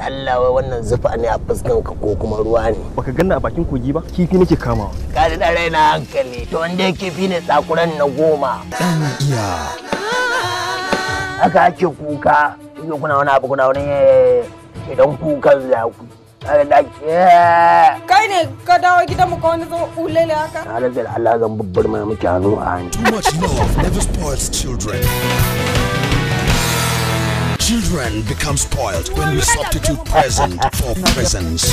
da Allah wai wannan zufa ne a fuskan ka ko kuma ruwa ne baka ganna a bakin kogi ba kifi nake kamawa ka da raina hankali to wanda kifi ne tsakuran na goma dan iya Aka ake kuka yau kuna wani abu kuna wani eh, idan kukan za ku eh. kai ne ka dawo gidan mu ka wani zama ulele haka na da Allah zan bubbar mai muke hannu a hannu too much love never spoils children man becomes spoiled when you substitute present for presence.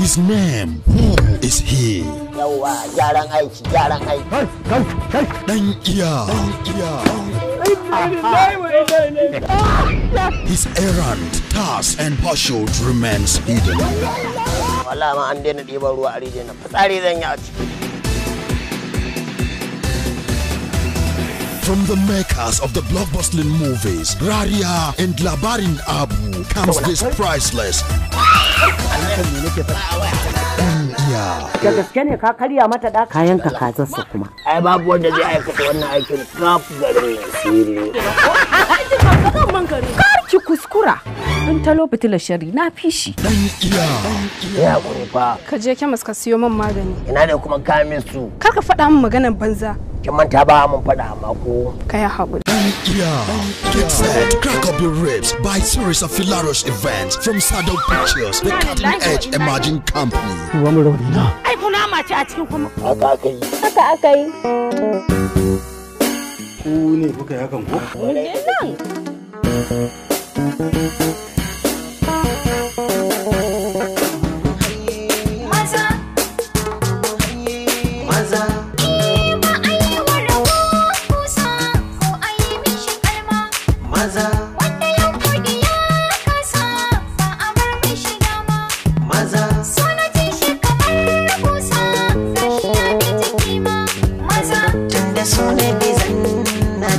His name, who is he? His errand, task, and pursuit remains hidden. From the makers of the blockbustling movies Rariya and Labarin Abu comes this priceless. Da gaske ne ka karya mata da kayan ka kazarsa kuma. Ai babu wanda zai aikata wannan aikin kaf garin sirri. Kar ki kuskura. in talo fitilar shari na fi shi. Dan iya. Ya fa. Ka je kemis ka siyo min magani. Ina da kuma kamin su. Kar ka faɗa min maganar banza. kin manta ba mun faɗa amma ko kai haƙuri yeah get set crack up your ribs by series of hilarious events from Saddle Pictures the Cutting Edge Emerging Company ruwan rauni na ai kuna mace a cikin kuma haka aka yi haka aka yi ku ne kuka yi ko ne nan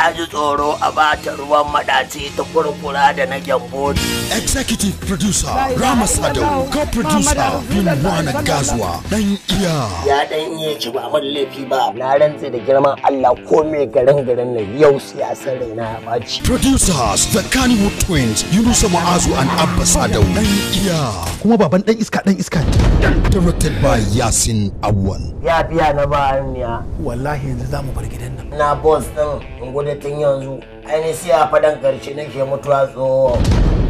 ta ji tsoro a bata ruwan maɗaci ta kurkura da na gyambo. Executive Producer Rama Sadau, Co-Producer Yunwana gazwa ɗan iya. Ya ɗan iya ci ba mun laifi ba. Na rantse da girman Allah ko mai garin garin nan yau siyasar raina na ɓaci. Producers The Kannywood Twins Yunusa Ma'azu and Abba Sadau, ɗan iya. Kuma baban ɗan iska ɗan iska. Directed by Yasin Awwan. Ya biya na ba Wallahi yanzu za mu bar gidan nan. Na boss ɗin in tun yanzu ainihin siya a faɗan nake mutuwa tsohon